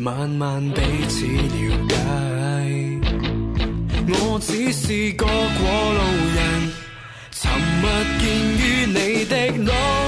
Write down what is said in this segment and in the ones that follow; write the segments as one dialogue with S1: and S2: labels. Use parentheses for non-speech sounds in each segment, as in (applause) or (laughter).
S1: 慢慢彼此了解，我只是個過路人，沉默見於你的腦。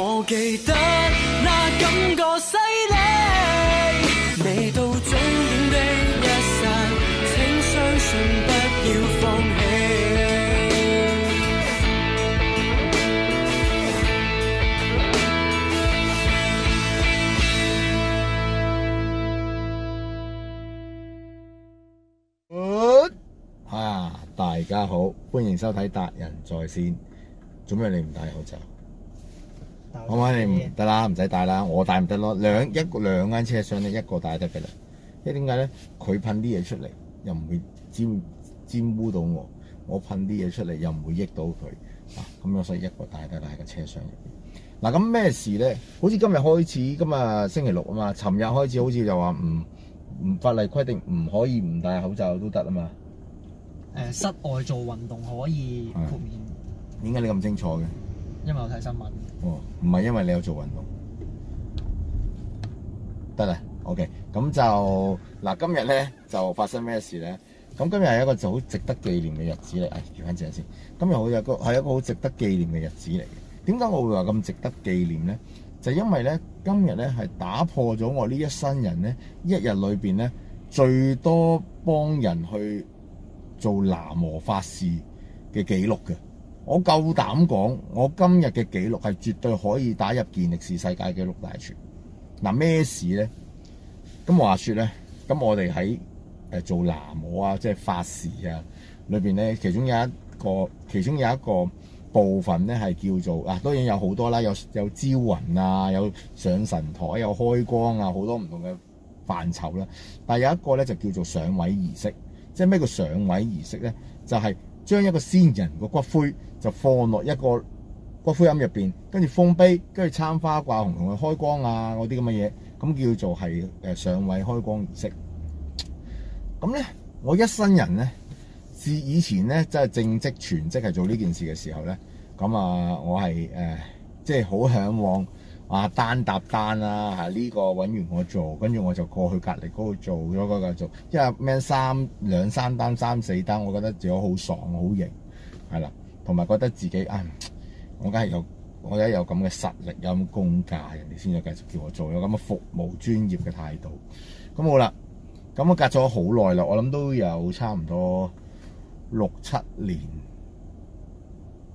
S1: 我記得那感覺犀利，未到終點的一剎，請相信不要放
S2: 棄。啊，大家好，歡迎收睇達仁在線。做咩你唔戴口罩？好唔可以？唔得啦，唔使戴啦，我戴唔得咯。兩一個兩間車廂咧，一個戴得嘅啦。即係點解咧？佢噴啲嘢出嚟，又唔會沾沾污到我。我噴啲嘢出嚟，又唔會益到佢。啊，咁樣，所以一個戴得啦，喺個車廂入邊。嗱，咁咩事咧？好似今日開始，今日星期六啊嘛。尋日開始好，好似就話唔唔法例規定唔可以唔戴口罩都得啊嘛。誒、呃，室外做運動可以豁免。點解你咁清楚嘅？因為我睇新聞。哦，唔係因為你有做運動。得啦，OK，咁就嗱，今日咧就發生咩事咧？咁今日係一個就好值得紀念嘅日子嚟。誒、哎，調翻轉先。今日好有個係一個好值得紀念嘅日子嚟。點解我會話咁值得紀念咧？就因為咧，今日咧係打破咗我一呢一生人咧一日裏邊咧最多幫人去做南無法事嘅紀錄嘅。我夠膽講，我今日嘅記錄係絕對可以打入健力士世界紀錄大全。嗱、啊，咩事咧？咁我話説咧，咁我哋喺誒做喃嘸啊，即係法事啊，裏邊咧，其中有一個，其中有一個部分咧，係叫做嗱、啊，當然有好多啦，有有招魂啊，有上神台，有開光啊，好多唔同嘅範疇啦、啊。但係有一個咧，就叫做上位儀式。即係咩叫上位儀式咧？就係、是。將一個先人個骨灰就放落一個骨灰龕入邊，跟住封碑，跟住插花掛紅同佢開光啊嗰啲咁嘅嘢，咁叫做係誒上位開光儀式。咁咧，我一生人咧，自以前咧即係正職全職係做呢件事嘅時候咧，咁啊，我係誒、呃、即係好嚮往。啊單搭單啦嚇，呢個揾完我做，跟住我就過去隔離嗰度做咗嗰個做，因為咩三兩三單三四單，我覺得自己好爽好型，係啦，同埋覺得自己啊，我梗係有我而家有咁嘅實力，有咁功架，人哋先至繼續叫我做，有咁嘅服務專業嘅態度。咁好啦，咁我隔咗好耐啦，我諗都有差唔多六七年。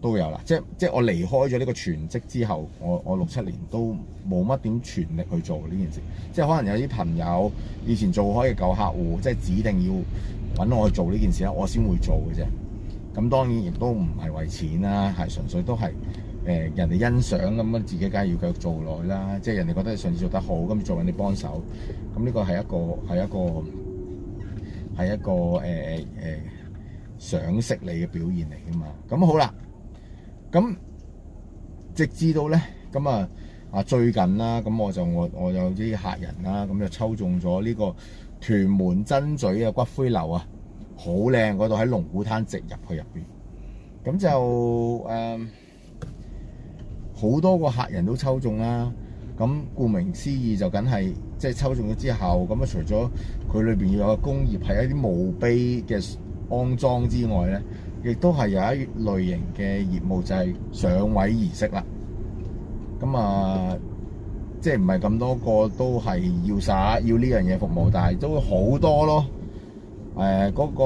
S2: 都有啦，即即我離開咗呢個全職之後，我我六七年都冇乜點全力去做呢件事，即可能有啲朋友以前做開嘅舊客戶，即指定要揾我做呢件事咧，我先會做嘅啫。咁當然亦都唔係為錢啦，係純粹都係誒、呃、人哋欣賞咁啊，自己梗係要繼續做落去啦。即人哋覺得上次做得好，咁再揾你幫手，咁呢個係一個係一個係一個誒誒賞識你嘅表現嚟噶嘛。咁好啦。咁直至到咧，咁啊啊最近啦，咁我就我我有啲客人啦，咁就抽中咗呢個屯門真咀嘅骨灰樓啊，好靚，嗰度喺龍鼓灘直入去入邊，咁就誒好、嗯、多個客人都抽中啦。咁顧名思義就梗係即係抽中咗之後，咁啊除咗佢裏邊要有個工業係一啲墓碑嘅安裝之外咧。亦都係有一類型嘅業務就係、是、上位儀式啦。咁啊、呃，即係唔係咁多個都係要晒，要呢樣嘢服務，但係都好多咯。誒、呃，嗰、那個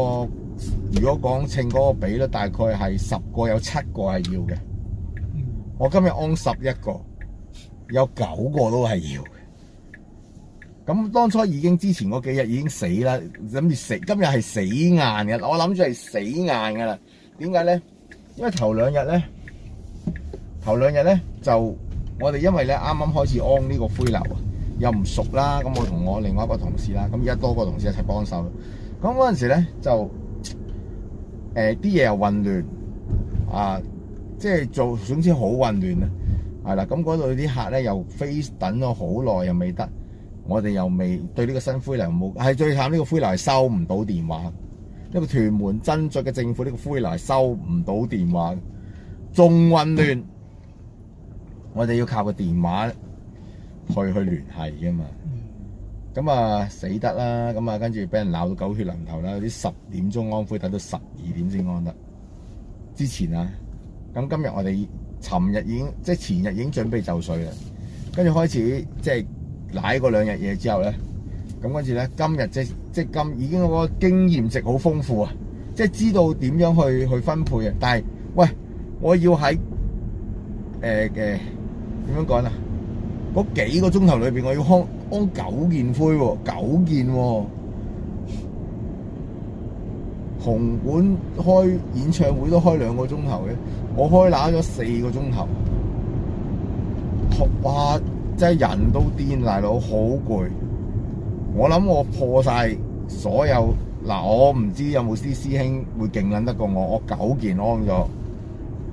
S2: 如果講稱嗰個比例，大概係十個有七個係要嘅。我今日安十一個，有九個都係要。咁當初已經之前嗰幾日已經死啦，諗住死，今日係死硬嘅啦。我諗住係死硬噶啦。點解咧？因為頭兩日咧，頭兩日咧就我哋因為咧啱啱開始安呢個灰流啊，又唔熟啦。咁我同我另外一個同事啦，咁而家多個同事一齊幫手。咁嗰陣時咧就誒啲嘢又混亂啊，即係做總之好混亂啊。係啦，咁嗰度啲客咧又飛等咗好耐，又未得。我哋又未對呢個新灰泥冇，係最慘呢個灰泥收唔到電話，呢個屯門真作嘅政府呢個灰泥收唔到電話，仲混亂。我哋要靠個電話去去聯繫㗎嘛。咁啊死得啦！咁啊跟住俾人鬧到狗血淋頭啦！啲十點鐘安灰，等到十二點先安得。之前啊，咁今日我哋尋日已經即係前日已經準備就緒啦，跟住開始即係。瀨嗰兩日嘢，之後咧，咁跟住咧，今日即即今已經嗰個經驗值好豐富啊，即係知道點樣去去分配啊。但係，喂，我要喺誒誒，點樣講啊？嗰幾個鐘頭裏邊，我要開開九件灰，九件。紅館開演唱會都開兩個鐘頭嘅，我開瀨咗四個鐘頭，哇！真係人都癲，大佬好攰。我諗我破晒所有嗱，我唔知有冇啲師兄會勁撚得過我。我九件安咗，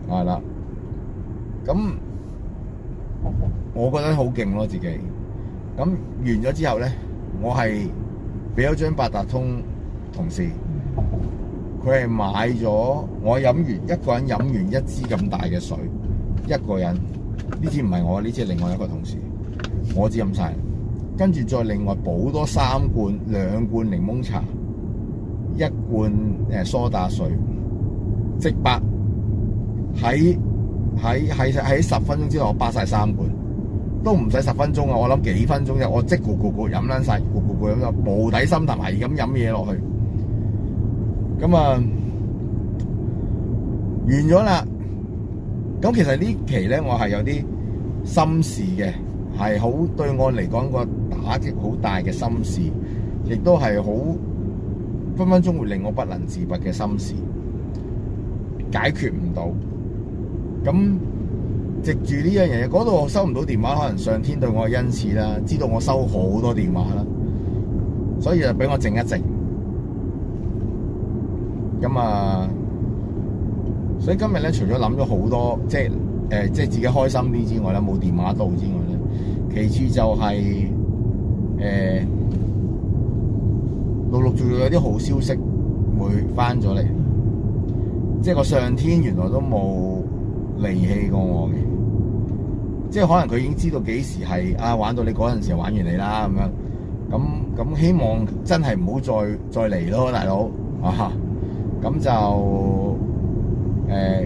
S2: 係啦。咁我覺得好勁咯，自己。咁完咗之後咧，我係俾咗張八達通，同事佢係買咗。我飲完一個人飲完一支咁大嘅水，一個人，呢支唔係我，呢支係另外一個同事。我只飲晒，跟住再另外補多三罐兩罐檸檬茶，一罐誒梳打水，即白喺喺喺喺十分鐘之內，我八晒三罐都唔使十分鐘啊！我諗幾分鐘啫，我即咕咕咕飲撚晒，咕咕咕咁就，冇底心，但係咁飲嘢落去咁啊，完咗啦。咁其實呢期咧，我係有啲心事嘅。係好對我嚟講個打擊好大嘅心事，亦都係好分分鐘會令我不能自拔嘅心事，解決唔到。咁藉住呢樣嘢，嗰度收唔到電話，可能上天對我嘅恩賜啦，知道我收好多電話啦，所以就俾我靜一靜。咁啊，所以今日咧，除咗諗咗好多，即係誒、呃，即係自己開心啲之外咧，冇電話到之外咧。其次就係、是、誒、呃、陸陸續續有啲好消息會翻咗嚟，即係個上天原來都冇離棄過我嘅，即係可能佢已經知道幾時係啊，玩到你嗰陣時玩完你啦咁樣，咁咁希望真係唔好再再嚟咯，大佬啊，咁就誒、呃，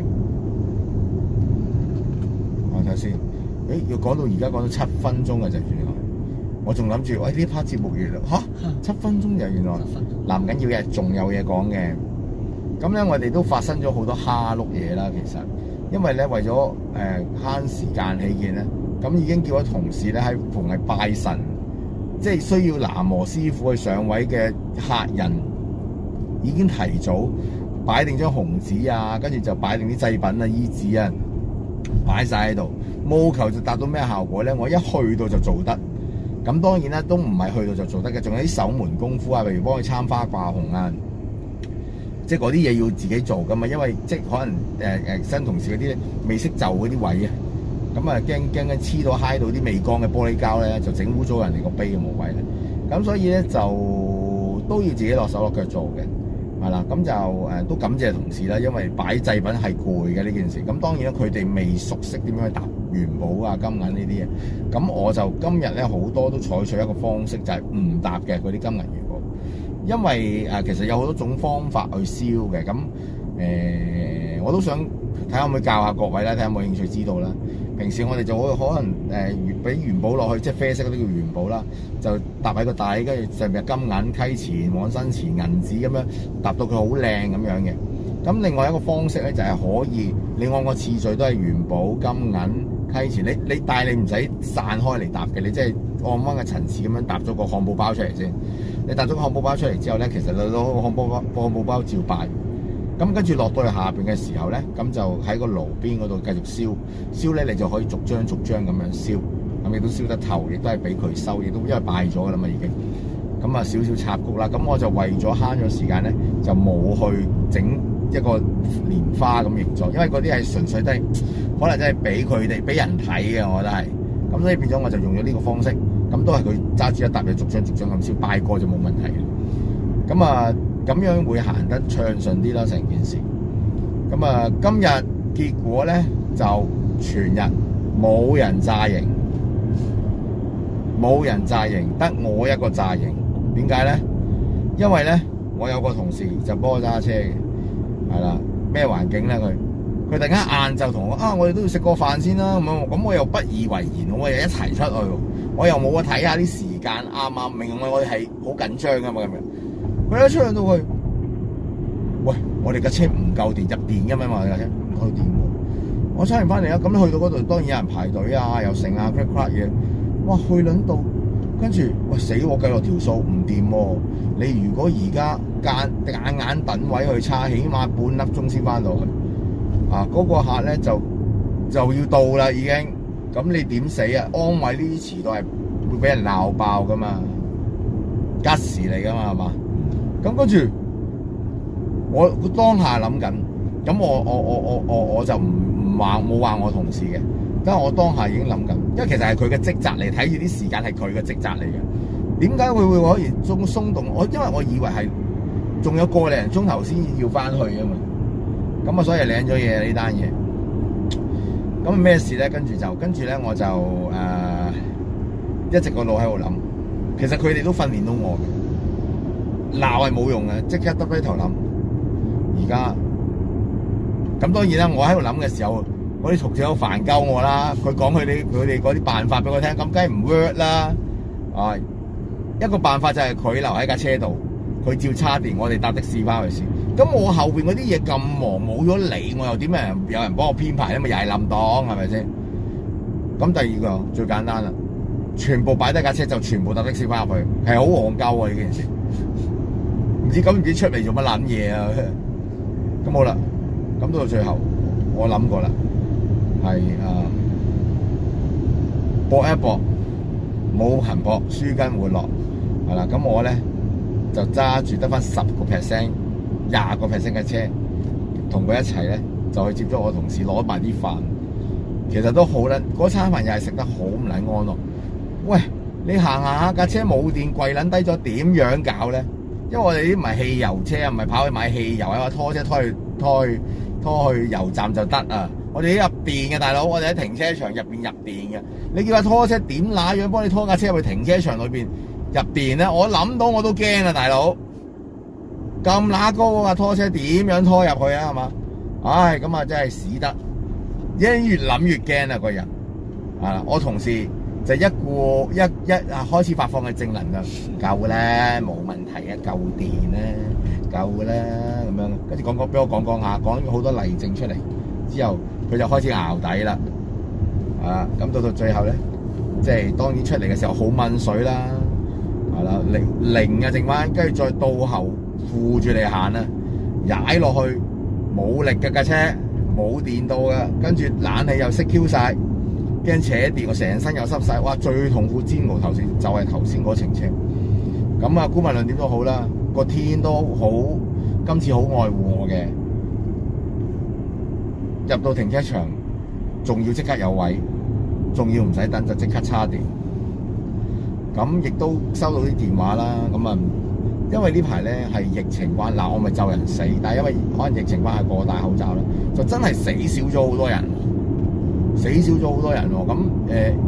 S2: 我睇先看看。誒要講到而家講到七分鐘嘅就原，哎、原來，我仲諗住，喂呢 part 節目完啦七分鐘就原來，南唔緊要嘅，仲有嘢講嘅。咁咧，我哋都發生咗好多蝦碌嘢啦。其實，因為咧為咗誒慳時間起見咧，咁、嗯、已經叫咗同事咧喺逢係拜神，即、就、係、是、需要喃嘸師傅去上位嘅客人，已經提早擺定張紅紙啊，跟住就擺定啲祭品啊、衣紙啊，擺晒喺度。務求就達到咩效果咧？我一去到就做得咁，當然啦，都唔係去到就做得嘅，仲有啲守門功夫啊，譬如幫佢參花化紅啊，即係嗰啲嘢要自己做噶嘛。因為即係可能誒誒、呃、新同事嗰啲未識就嗰啲位啊，咁啊驚驚一黐到嗨到啲未乾嘅玻璃膠咧，就整污糟人哋個碑嘅冇位咧。咁所以咧就都要自己落手落腳做嘅係啦。咁就誒、呃、都感謝同事啦，因為擺製品係攰嘅呢件事。咁當然啦，佢哋未熟悉點樣去搭。元寶啊，金銀呢啲嘢，咁我就今日咧好多都採取一個方式，就係、是、唔搭嘅嗰啲金銀元寶，因為誒其實有好多種方法去燒嘅，咁誒、呃、我都想睇下可唔可以教下各位啦，睇下有冇興趣知道啦。平時我哋就好可能誒，俾、呃、元寶落去，即係啡色嗰啲叫元寶啦，就搭喺個底，跟住上面金銀溪錢、往生錢銀紙咁樣搭到佢好靚咁樣嘅。咁另外一個方式咧就係可以，你按個次序都係元寶、金銀。你你帶你唔使散開嚟搭嘅，你即係按彎個層次咁樣搭咗個漢堡包出嚟先。你搭咗個漢堡包出嚟之後咧，其實你都漢堡包漢堡包照拜。咁跟住落到去下邊嘅時候咧，咁就喺個爐邊嗰度繼續燒。燒咧你就可以逐張逐張咁樣燒，咁亦都燒得透，亦都係俾佢收，亦都因為拜咗㗎啦嘛已經。咁啊，少少插曲啦。咁我就為咗慳咗時間咧，就冇去整。一個蓮花咁形狀，因為嗰啲係純粹都係可能真係俾佢哋俾人睇嘅，我覺得係咁，所以變咗我就用咗呢個方式，咁都係佢揸住一沓、嘢，逐張逐張咁少，拜過就冇問題嘅。咁啊，咁樣會行得暢順啲啦，成件事。咁啊，今日結果咧就全日冇人炸營、冇人炸營，得我一個炸營。點解咧？因為咧，我有個同事就幫我揸車嘅。係啦，咩環境咧？佢佢突然間晏晝同我啊，我哋都要食個飯先啦。咁我咁我又不以為然，我又一齊出去，我又冇啊睇下啲時間啱唔啱？明嘛？我哋係好緊張噶嘛？咁樣，佢一出去到去，喂，我哋架車唔夠電入電噶嘛？我架車唔夠電，我差完翻嚟啊。咁去到嗰度，當然有人排隊啊，又盛啊 crack crack 嘢。哇、呃，去輪到～跟住，喂死我！計落條數唔掂喎，你如果而家夾硬等位去差，起碼半粒鐘先返到去啊！嗰個客咧就就要到啦，已經咁你點死啊？安慰呢啲遲到係會俾人鬧爆噶嘛，吉時嚟噶嘛，係嘛？咁跟住我當下諗緊，咁我我我我我我就唔唔話冇話我同事嘅。咁我當下已經諗緊，因為其實係佢嘅職責嚟，睇住啲時間係佢嘅職責嚟嘅。點解會會可以鬆鬆動？我因為我以為係仲有個零鐘頭先要翻去啊嘛。咁啊，所以領咗嘢呢單嘢。咁啊，咩事咧？跟住就跟住咧，我就誒一直個腦喺度諗。其實佢哋都訓練到我嘅，鬧係冇用嘅，即刻耷低頭諗。而家咁當然啦，我喺度諗嘅時候。我啲同事好煩鳩我啦，佢講佢哋佢哋嗰啲辦法俾我聽，咁梗係唔 work 啦。啊、哎，一個辦法就係佢留喺架車度，佢照叉電，我哋搭的士翻去先。咁我後邊嗰啲嘢咁忙，冇咗你，我又點啊？有人幫我編排，咪又係冧檔，係咪先？咁第二個最簡單啦，全部擺低架車就全部搭的士翻入去，係好戇鳩啊！呢件事，唔知咁唔知出嚟做乜捻嘢啊？咁好啦，咁到到最後，我諗過啦。係啊，搏一搏，冇行搏，舒筋活絡，係啦。咁我咧就揸住得翻十個 percent、廿個 percent 嘅車，同佢一齊咧就去接咗我同事攞埋啲飯。其實都好啦，嗰餐飯又係食得好唔禮安樂。喂，你行下架車冇電，跪撚低咗，點樣搞咧？因為我哋啲唔係汽油車，唔係跑去買汽油啊，拖車拖去拖去拖去，拖去油站就得啊！我哋喺入電嘅，大佬，我哋喺停車場入邊入電嘅。你叫架拖車點乸樣幫你拖架車入去停車場裏邊入電咧？我諗到我都驚啊，大佬！咁乸高嗰架拖車點樣拖入去啊？係、哎、嘛？唉，咁啊真係屎得！越諗越驚啊，個人啊！我同事就一個一一,一開始發放嘅正能量夠咧，冇問題啊，夠電咧，夠嘅咧咁樣。跟住講講，俾我講講下，講咗好多例證出嚟之後。佢就開始熬底啦，啊！咁到到最後咧，即係當然出嚟嘅時候好掹水啦，係啦，零零嘅剩返，跟住、啊啊、再倒後扶住你行啦，踩落去冇力嘅架車，冇電到嘅，跟住冷氣又熄 Q 曬，驚扯電，我成身又濕晒。哇！最痛苦煎熬頭先就係頭先嗰程車，咁啊，姑勿論點都好啦，個天都好，今次好愛護我嘅。入到停車場，仲要即刻有位，仲要唔使等就即刻叉電。咁亦都收到啲電話啦。咁啊，因為呢排咧係疫情關，嗱我咪咒人死，但係因為可能疫情關係個個戴口罩咧，就真係死少咗好多人，死少咗好多人喎。咁誒誒，咁、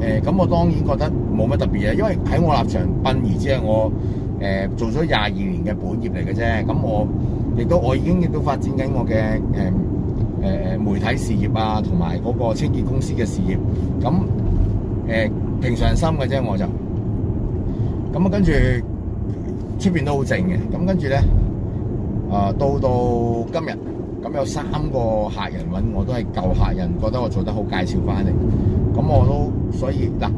S2: 呃呃、我當然覺得冇乜特別啊。因為喺我立場，殯儀只係我誒、呃、做咗廿二年嘅本業嚟嘅啫。咁我亦都我已經亦都發展緊我嘅誒。呃誒媒體事業啊，同埋嗰個清潔公司嘅事業，咁誒、呃、平常心嘅啫，我就咁啊，跟住出邊都好靜嘅。咁跟住咧啊，到到今日咁有三個客人揾我都係舊客人，覺得我做得好，介紹翻嚟。咁我都所以嗱，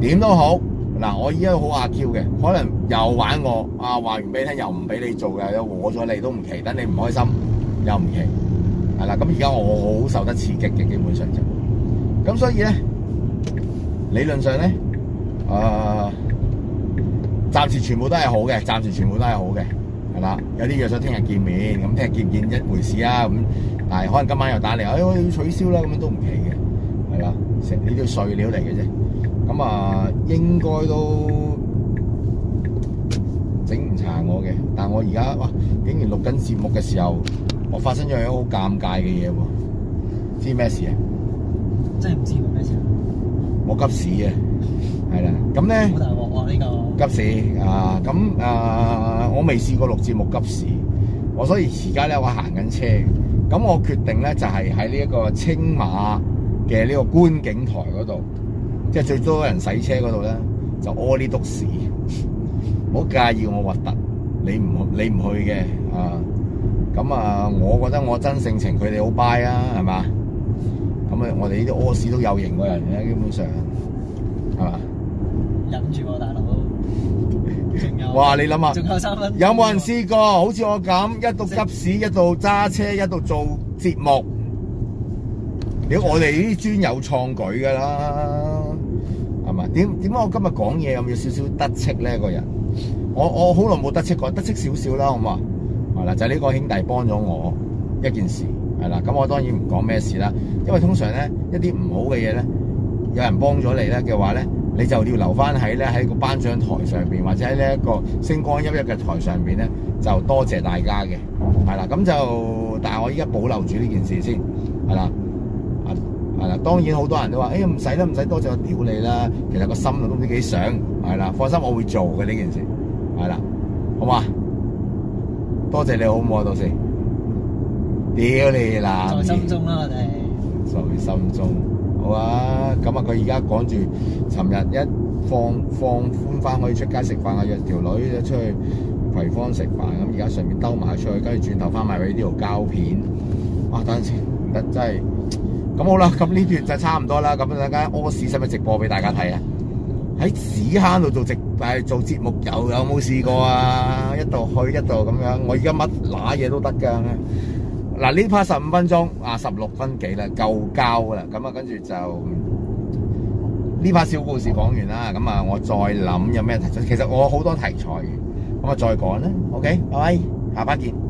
S2: 點都好嗱，我依家好阿 Q 嘅，可能又玩我啊，話完俾你聽又唔俾你做嘅，又我咗你都唔奇，等你唔開心又唔奇。係啦，咁而家我好受得刺激嘅，基本上就，咁所以咧，理論上咧，誒、呃，暫時全部都係好嘅，暫時全部都係好嘅，係啦，有啲約咗聽日見面，咁聽日見唔見一回事啊，咁，但係可能今晚又打嚟，哎，我要取消啦，咁樣都唔奇嘅，係啦，食呢啲碎料嚟嘅啫，咁、嗯、啊，應該都整唔殘我嘅，但我而家哇，竟然錄緊節目嘅時候。我發生咗樣好尷尬嘅嘢喎，知咩事啊？真係唔知喎，咩事？我急屎啊！係啦，咁咧好大鑊喎呢個急屎啊！咁啊，我未試過錄節目急屎，我所以而家咧我行緊車嘅。咁我決定咧就係喺呢一個青馬嘅呢個觀景台嗰度，即係最多人洗車嗰度咧，就屙呢篤屎。唔好介意我核突，你唔你唔去嘅啊！咁啊，我覺得我真性情，佢哋好拜啊，係嘛？咁啊，我哋呢啲屙屎都有型嘅人嘅，啊，基本上係嘛？忍
S1: 住喎，大
S2: 佬！ (laughs) 哇！你諗下，仲有三分，有冇人試過好似我咁一度急屎，一度揸車，一度做節目？屌，嗯、我哋呢啲專有創舉㗎啦，係嘛？有有點點解我今日講嘢有冇少少得戚咧？個人，我我好耐冇得戚過，得戚少少啦，好唔好啊？係啦，就係呢個兄弟幫咗我一件事，係啦，咁我當然唔講咩事啦，因為通常咧一啲唔好嘅嘢咧，有人幫咗你咧嘅話咧，你就要留翻喺咧喺個頒獎台上邊，或者喺呢一個星光熠熠嘅台上邊咧，就多謝大家嘅，係啦，咁就但係我依家保留住呢件事先，係啦，係啦，當然好多人都話，哎呀唔使啦，唔使多謝我屌你啦，其實個心都唔知幾想，係啦，放心我會做嘅呢件事，係啦，好嘛？多謝你好，好，冇啊，到時屌你啦，在心中啦，我哋們在心中好啊。咁啊，佢而家趕住，尋日一放放寬翻，可以出街食飯啊，約條女一出去葵芳食飯。咁而家順便兜埋出去，跟住轉頭翻埋去呢條膠片。哇、啊！等陣先，唔得，真係咁好啦。咁呢段就差唔多啦。咁等間屙屎使唔使直播俾大家睇啊？喺屎坑度做直，誒做節目有有冇試過啊？一度去一度咁樣，我而家乜哪嘢都得㗎。嗱呢 part 十五分鐘啊，十六分幾啦，夠交啦。咁啊，跟住就呢 part 小故事講完啦。咁啊，我再諗有咩題材，其實我好多題材嘅。咁啊，再講啦。OK，拜拜，下 part 見。